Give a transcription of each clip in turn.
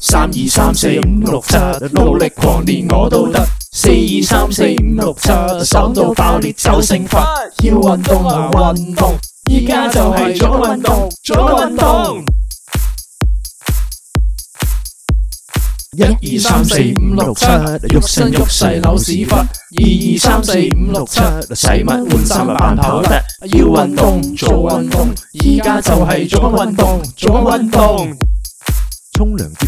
三二三四五六七，努力狂練我都得。四二三四五六七，爽到爆裂就成佛。要運動啊運動，依家就係做運動做運動。一二三四五六七，喐身喐勢扭屎忽。二二三四五六七，使乜換衫咪扮跑得。要運動做運動，依家就係做緊運動做緊運動。沖涼。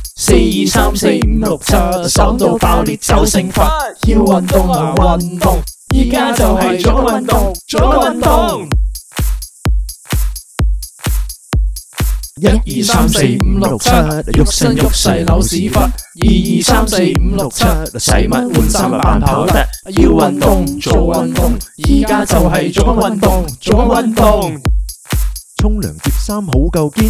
四二三四五六七，爽到爆裂就成佛。要運動啊運動，而家就係做緊運動，做緊運動。一二三四五六七，郁身郁勢扭屎忽。二二三四五六七，使乜換衫扮跑得。要運動做運動，而家就係做緊運動，做緊運動。沖涼摺衫好夠堅，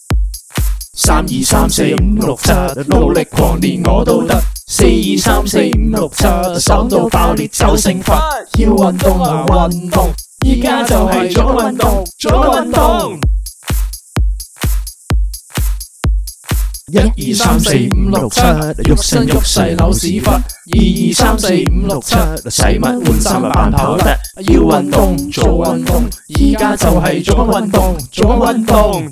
三二三四五六七，努力狂練我都得。四二三四五六七，爽到爆裂就成佛。要運動啊運動，而家就係做運動，做運動。一二三四五六七，郁身郁勢扭屎忽。二二三四五六七，使乜換衫啊扮跑得？要運動做運動，而家就係做緊運動，做緊運動！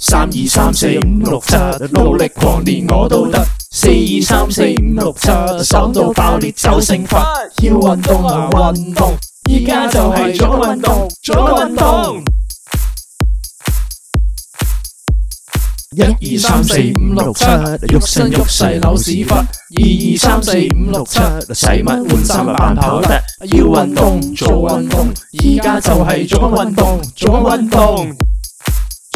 三二三四五六七，努力狂練我都得。四二三四五六七，爽到爆裂就成佛。要運動啊運動，依家就係做緊運動，做緊運動。一二三四五六七，郁身郁勢扭屎忽。二二三四五六七，使乜換衫扮跑得？要運動做運動，依家就係做緊運動，做緊運動。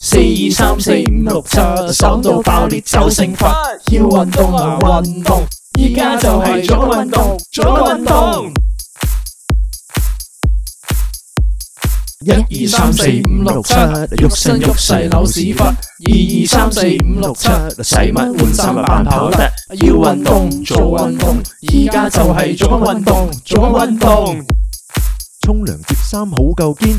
四二三四五六七，爽到爆裂就成佛。要運動啊運動，而家就係做運動做運動。一二三四五六七，郁身郁勢扭屎忽。二二三四五六七，使乜換衫扮跑得。要運動做運動，而家就係做緊運動做緊運動。沖涼摺衫好夠堅。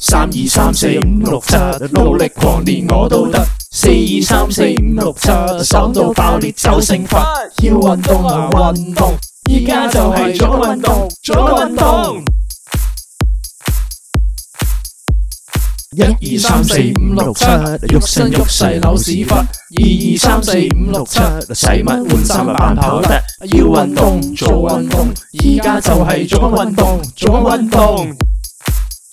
三二三四五六七，努力狂練我都得。四二三四五六七，爽到爆裂就成佛。要運動啊運動，而家就係做運動，做運動。一二三四五六七，郁身郁勢扭屎忽。二二三四五六七，使乜換衫扮跑得，要運動做運動，而家就係做緊運動，做緊運動。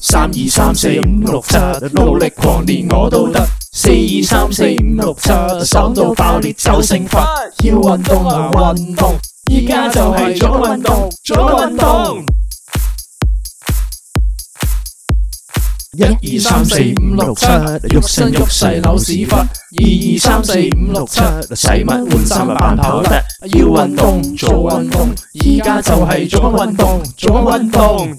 三二三四五六七，努力狂練我都得。四二三四五六七，爽到爆裂就成佛。要運動啊運動，而家就係做運動，做運動。一二三四五六七，郁身郁勢扭屎忽。二二三四五六七，2, 3, 4, 5, 6, 7, 使乜換衫扮跑得，得要運動做運動，而家就係做緊運動，做緊運動。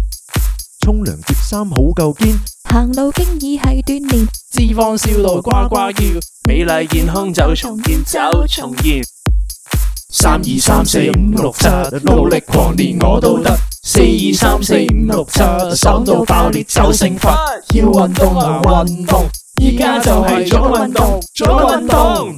沖涼摺衫好夠堅，行路經已係鍛鍊，脂肪燒到呱呱叫，美麗健康就重現就重現。三二三四五六七，努力狂練我都得。四二三四五六七，爽到爆裂就成佛。要運動啊運動，依家就係做運動，做運動。